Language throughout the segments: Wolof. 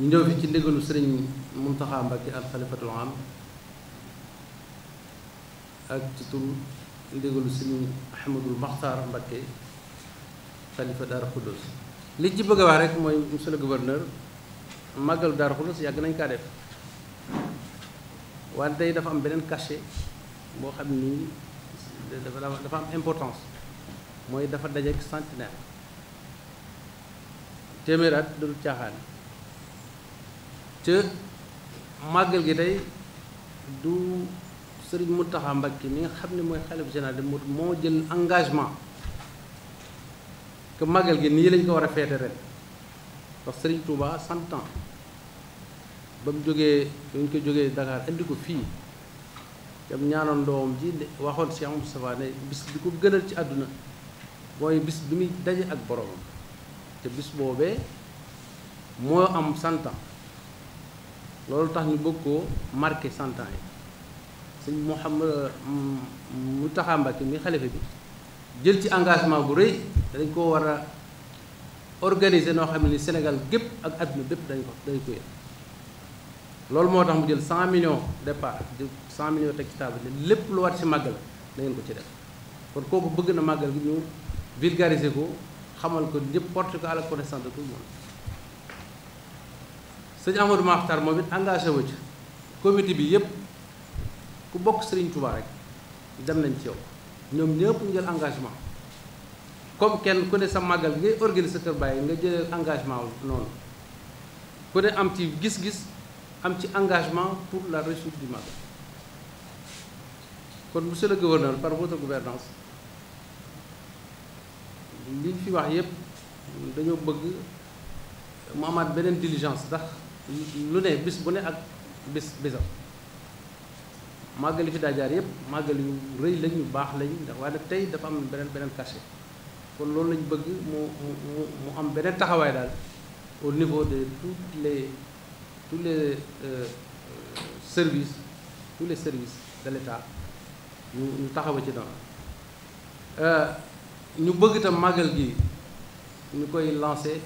ñu ñëw fi ci ndigalu sëriñ Muntaxa Mbàkke al xalifatul am ak ci tur ndigalu sëriñ Ahmadul Maxtaar Mbàkke xalifa Daara Xuddoos li ci bëgg a wax rek mooy monsieur le gouverneur màggalu Daara Xuddoos yàgg nañ kaa def wante tey dafa am beneen cachet boo xam ni dafa am importance mooy dafa daje centenaire téeméer at du caaxaan ca màggal gi tey du sëriñ Mountakha Mbacké mi nga xam ne mooy xalifa général de Mouride moo jël engagement que màggal gi nii lañ ko war a feete ren ndax sëriñ Touba cent ans ba mu jógee ba ñu ko jógee Dakar indi ko fii dem ñaanoon doomam ji waxoon Cheikh Moustapha ne bis bi ko gënal ci àdduna mooy bis bi muy daje ak boromam te bis boobee moo am santa loolu tax ñu bëgg koo marqué cent ans yi sëñ Mouhamed mm, Mountakha Mbacké mi xalifa bi jël ci engagement bu rëy dañ ko war a organiser noo xam ne Sénégal gépp ak adduna bépp dañ ko dañ ko yëg loolu moo tax mu jël cent millions départ jël cent millions teg ci table lépp lu war ci màggal da ngeen ko ci def kon kooku bëgg na màggal gi ñu vulgariser ko xamal ko ñëpp porte ko à connaissance de tout le monde sëñ Amadou Makhtar moom it engagé wu ci comité bi yëpp ku bokk Serigne Touba rek dem nañ ci yow ñoom ñëpp ñu engagement comme kenn ku ne sa màggal ngay organiser kër bàyyi nga jëleel engagement noonu ku ne am ci gis-gis am ci engagement pour la réussite du Magal kon monsieur le gouverneur par votre gouvernance liñ fi wax yëpp dañoo bëgg mu amaat beneen diligence ndax lu ne bis bu ne ak bis bisam màggal yi fi daa jaar yëpp màggal yu rëy lañ yu baax lañ ndax waaye nag tey dafa am beneen beneen cachet kon loolu lañu bëgg mu mu mu am beneen taxawaay daal au niveau de toutes les tous les euh, services tous les services de l'État ñu ñu taxawa ci noonu euh, ñu bëgg tam màggal gi ñu koy lancé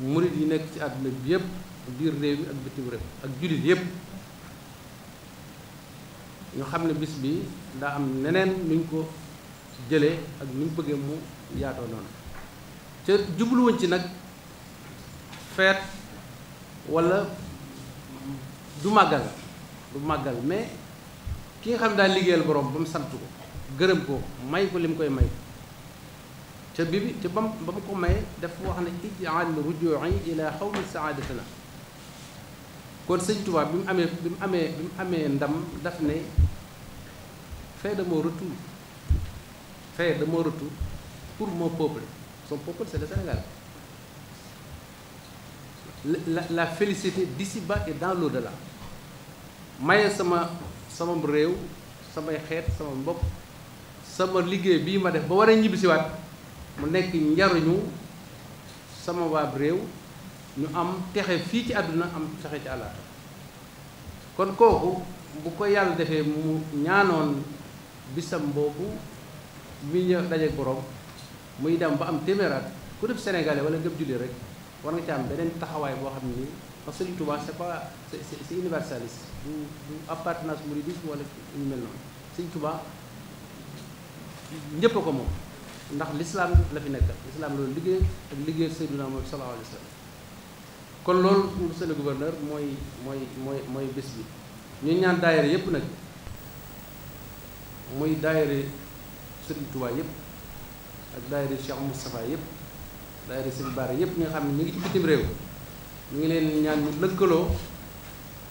murit yi nekk ci àdduna bi yëpp biir réew mi ak bitim réew ak jullit yëpp ñu xam ne bis bi daa am neneen nuñ ko jëlee ak nuñ bëggee mu yaatoo noonu ca jubluwuñ ci nag feet walla du màggal du màggal mais ki nga xam ne daa liggéeyal borom ba mu sant ko gërëm ko may ko li mu koy may ca bi bi ca ba mu ba mu ko maye dafa wax ne ijal rujuu'i ila xawmi saadatina kon sëñ Tuubaa bi mu amee bi mu amee bi mu amee ndam daf ne fait de mon retour fait de pour mon peuple son peuple c'est le Sénégal la la félicité d'ici-bas et dans l'au-delà maye sama sama réew samay xeet sama mbokk sama liggéey bii ma def ba waree ñibbisiwaat mu nekk njariñu sama waab réew ñu am texe fii ci àdduna am texe ci àllaata kon kooku bu ko yàlla defee mu ñaanoon bisam boobu mi ñëw dajeek borom muy dem ba am téeméeraat ku def sénégalais wala ngëb julli rek war nga ci am beneen taxawaay boo xam ni parce que Sëriñ Tuubaa c'est pas c'est universaliste du du appartenance mouridisme wala ñu mel noonu Sëriñ Tuubaa ñépp a ko moom ndax lislaam la fi nekkal lislaam loolu liggéey ak liggéey Seydina Muhammad sallallahu alayhi wa sallam kon le mooy mooy mooy mooy bés bi ñu ñaan daayira yépp nag muy daayira Serigne Touba yépp ak daayira Cheikh Moustapha yépp daayira Serigne Bara yépp ñi nga xam ne ñu ngi ci bitim réew ñu ngi leen ñaan ñu lëkkaloo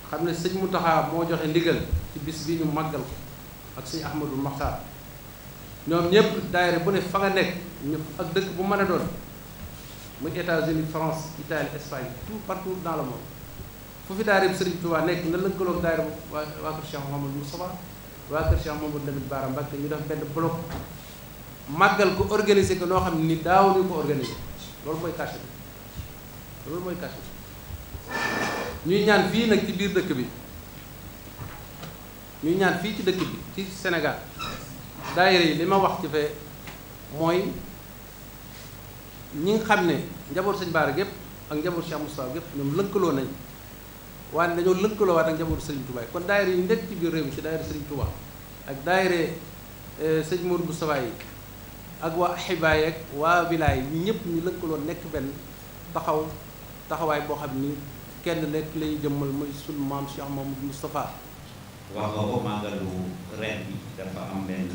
xam ne mu Mountakha moo joxe ndigal ci bis bi ñu màggal ko ak sëñ Ahmadou Makhtar ñoom ñëpp daayira bu ne fa nga nekk ñëpp ak dëkk bu mën a doon muy États-Unis France Italie Espagne tout partout dans le monde fu fi daayira Sëriñ Tuubaa nekk nga lëkkaloog daayira waa waa kër Cheikh Mouhamadou Moustapha waa kër Cheikh Mouhamadou Lamine Bara Mbacké ñu def benn bloc màggal ko organiser ko noo xam ni daaw ñu ko organiser loolu mooy kàcce bi loolu mooy kàcce bi ñuy ñaan fii nag ci biir dëkk bi ñuy ñaan fii ci dëkk bi ci senegal daayira yi li ma wax ci fe mooy ñi nga xam ne njaboot sëñ Baara gépp ak njaboot Cheikh Moustapha gépp ñoom lëkkaloo nañ waaye dañoo lëkkaloo waat ak njaboot sëriñ Touba kon daayira yi nekk ci biir réew mi ci daayira sëriñ Touba ak daayira eh, sëñ Mourou Moustapha yi ak waa xibaay ak waa wilaay ñu ñëpp ñu lëkkaloo nekk benn taxaw taxawaay boo xam ni kenn nekk lañu jëmmal muy sunu maam Cheikh Mamadou Moustapha wax nga ko màggalu bi dafa am benn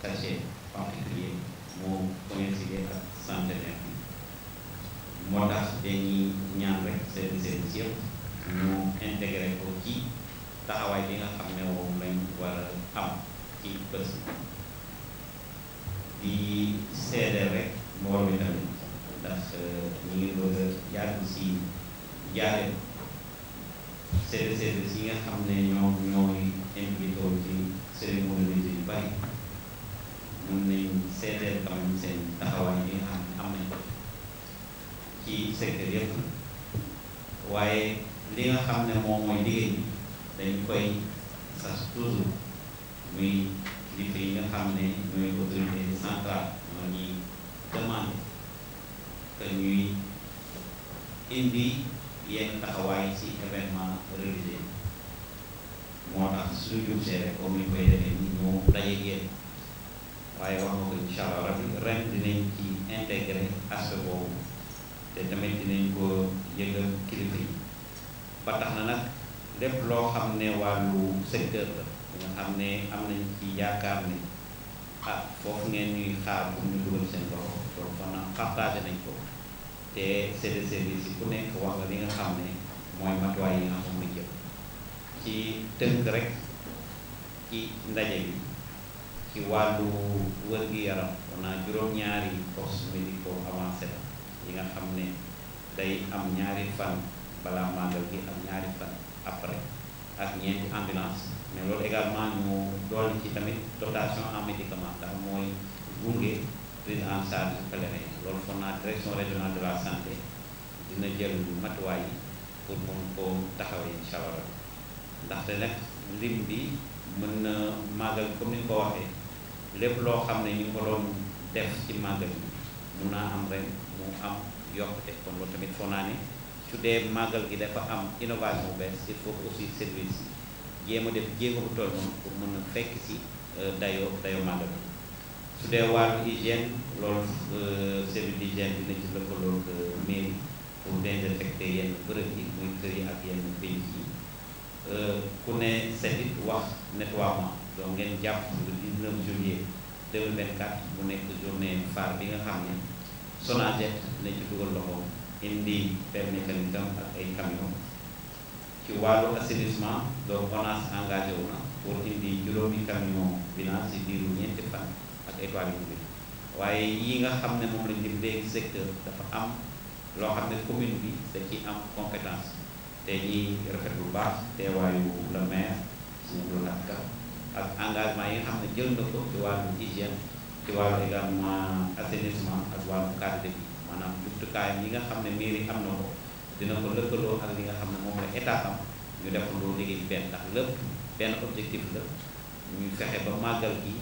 cachet particulier moo coïncide ak centenaire bi moo tax dañuy ñaan rek seen service yëpp ñu intégré ko ci taxawaay bi nga xam ne moom lañ war a am ci bés di seede rek mboor mi tamit ndax euh, ñu ngi bëgg yàgg si jaaree seede service yi nga xam ne ñoom ñooy impliqué wu ci cérémonie religieuses yu bari mën nañ seeteel quand même seen taxawaay yi nga ne am nañ ko ci secteur yëpp waaye li nga xam ne moo mooy liggéey bi dañ koy sas toujours muy kilifa yi nga xam ne ñooy autorité centrale ñoo ñuy demandé que ñuy indi yenn taxawaay ci événement religieux moo tax suñ jubsee rek comme ni ñu koy nii ñu daje yéen waaye wax nga ko incha allah rabbi ren dinañ ci intégré aspect boobu te tamit dinañ ko yëgal kilifa yi ba tax na nag lépp loo xam ne wàllu secteur la nga xam ne am nañ ci yaakaar ne ah foofu ngeen ñuy xaar pour ñu dugal seen loxo loolu nag partagé nañ ko te c'est des service yi ku nekk wax li nga xam ne mooy matuwaay yi nga xam ne jël ci tënk rek ci ndaje bi ci wàllu wër-gi-yaram on a juróom-ñaari postes médicaux avancés yi nga xam ne day am ñaari fan balaa màggal gi am ñaari fan après ak ñeenti ambulance mais loolu également ñu dool ci tamit dotation en médicament ndax mooy gunge prise en charge pèlerin loolu foog naa direction régionale de la santé dina jël matuwaay yi pour mun koo taxawee incha allah ndaxte nag lim bi mën na màggal comme ni ko waxee lépp loo xam ne ñu ngi ko def ci màggal bi mun naa am ren mu am yokkute kon loolu tamit foo naa ne su dee màggal gi dafa am innovation bu bees il aussi service yi jéem a def jéego bu toll noonu pour mën a fekk si euh, dayo dayo màggal bi su dee wàllu hygiène loolu euh, service d'hygiène dina ci lëkkaloog euh, mairie pour désinfecter yenn bërëb yi muy kër ak yenn pénc yi ku ne setit wax nettoiement donc ngeen jàpp le 19 juillet 2024 mu nekk journée phare bi nga xam ne Sonaged ne ci dugal loxoom indi per ak ay camion ci wàllu assainissement donc ONAS engagé wu na pour indi juróomi camion bilan si diiru ñeenti fan ak étoile yu waaye yi nga xam ne moom lañ dimbalee secteur dafa am loo xam ne commune bi da ci am compétence te ñi rafet bu baax teewaayu le maire suñu doon ak ak engagement yi nga xam ne jël na ko ci wàllu hygiène ci wàllu également assainissement ak wàllu cadre bi maanaam jumtukaay ñi nga xam ne mairie am na ko dina ko lëkkaloo ak li nga xam ne moom la état am ñu def loo liggéey benn ndax lépp benn objectif la ñu fexe ba màggal gi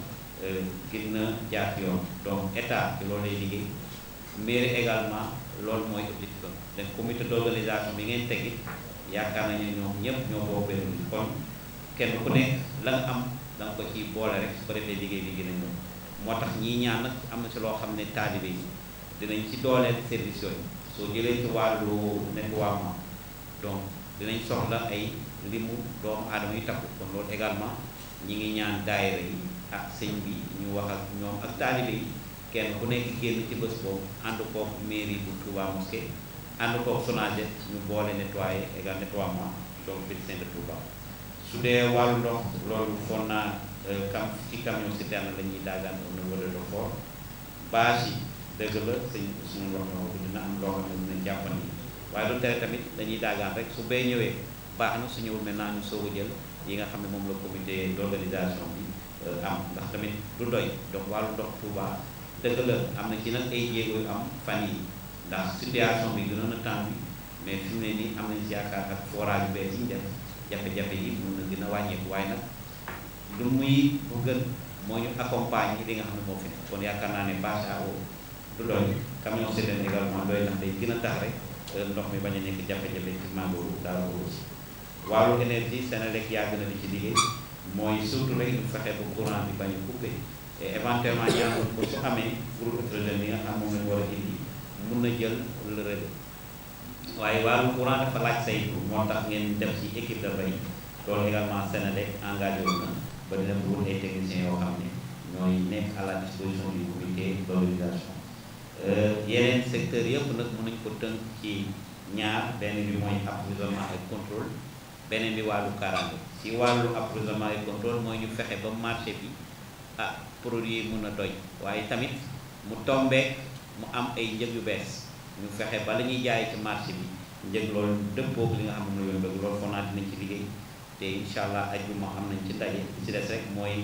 euh, gën na jaar yoon donc état ci loolu lay liggéey mairie également loolu mooy objectif am donc comité d'organisation yaakaar nañu ne ñoom ñëpp ñoo bokk benn kon kenn ku nekk la nga am da nga ko ci boole rek su ko defee liggéey bi gën a ñëw moo tax ñii ñaan am na si loo xam ne taalibe yi dinañ ci dooleel service yooyu soo jëlee ci wàllu nettoiement donc dinañ soxla ay limu doomu aadama yu takku kon loolu également ñi ngi ñaan daayira yi ak sëñ bi ñu wax ak ñoom ak taalibe yi kenn ku nekk génn ci bés boobu ànd koog mairie bu Touba Mosquée ànd koog Sonaged ñu boole nettoyer égal nettoiement donc bassin de Touba su dee wàllu ndox loolu foog naa euh, cam ci camion citerne la ñuy daagaan au niveau de l'effort bâche yi dëgg la suñu wax na am loo xam ne dina waaye lu tere tamit dañuy daagaan rek su bee ñëwee baax na suñu ñëwul maintenant ñu soog jël yi nga xam ne moom la comité d'organisation bi euh, am ndax tamit du doy donc wàllu ndox Touba dëgg la am na ci nag ay jéego am fan yi ndax situation bi gënoon a tàng mais fi mu ne nii am nañ yaakaar ak forage bi bees yi ñu jafe-jafe yi mun na gën a wàññeeku waaye nag lu muy bu gën moo ñu accompagner li nga xam ne moo fi kon yaakaar naa ne bâche à eau du doy camion citerne également doy na day gën a tax rek euh, ndox mi bañ a nekk jafe-jafe ci Mangoro daal aussi wàllu énergie Senelec yàgg na di ci liggéey mooy surtout rek ñu fexe ba courant bi bañ a coupé et ko mun na jël le relais waaye wàllu courant dafa laaj saytu moo tax ngeen def ci équipe de mbay loolu également Senelec engagé wu na ba dina bëggoon ay techniciens yoo xam ne ñooy nekk à la disposition du comité d'organisation euh, yeneen secteur yëpp nag mën nañ ko tënk ci ñaar benn bi mooy approvisionnement et contrôle beneen bi wàllu kaaraange ci wàllu approvisionnement et contrôle mooy ñu fexe ba marché bi ah produit yi mun a doy waaye tamit mu tombeek mu am ay njëg yu bees ñu fexe ba la ñuy jaay ci marché bi njëg loolu dëppoog li nga xam ne yoon bëgg loolu foog naa dinañ ci liggéey te incha allah ajjuma xam nañ ci ndaje ci des mooy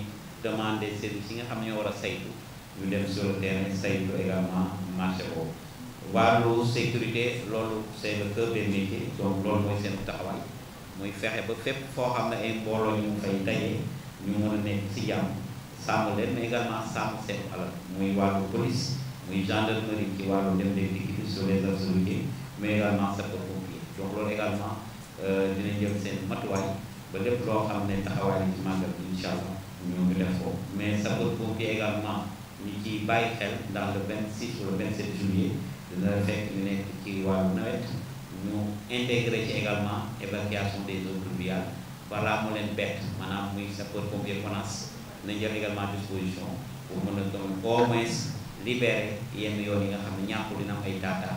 demander service yi nga xam ne ñoo war a saytu ñu dem sur le terrain saytu également marché loolu c'est le cœur des métiers donc mooy seen taxawaay muy fexe ba fépp foo xam ne ay mbooloo ñu fay daje ñu mën a nekk ci jàmm sàmm leen également sàmm seen alal muy wàllu police. muy gendarmerie ci wàllu dem de dikk bi sur les autorités également sapeur pompier donc loolu également dinañ jël seen matuwaay ba lépp loo xam ne taxawaay ci màggal bi incha allah ñoo ngi def foofu mais sapeur pompier également ñu ciy bàyyi xel ndax le 26 ou le 27 juillet dina fekk ñu nekk ci wàllu nawet ñu intégré ci également évacuation des eaux pluviales balaa mu leen bett maanaam muy sapeur pompier CONAS nañ jël également libéré yenn yoon yi nga xam ne ñàkku dina am ay data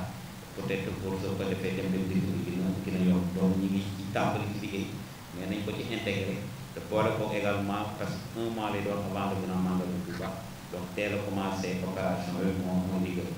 peut-être pour soo ko defee dem dem déglu dina gën a yomb donc ñu ngi ci tàmbali ci liggéey mais nañ ko ci intégré te boole ko également parce que un mois lay doon avant le gouvernement bu baax donc teel a commencé opération yooyu moom moo liggéey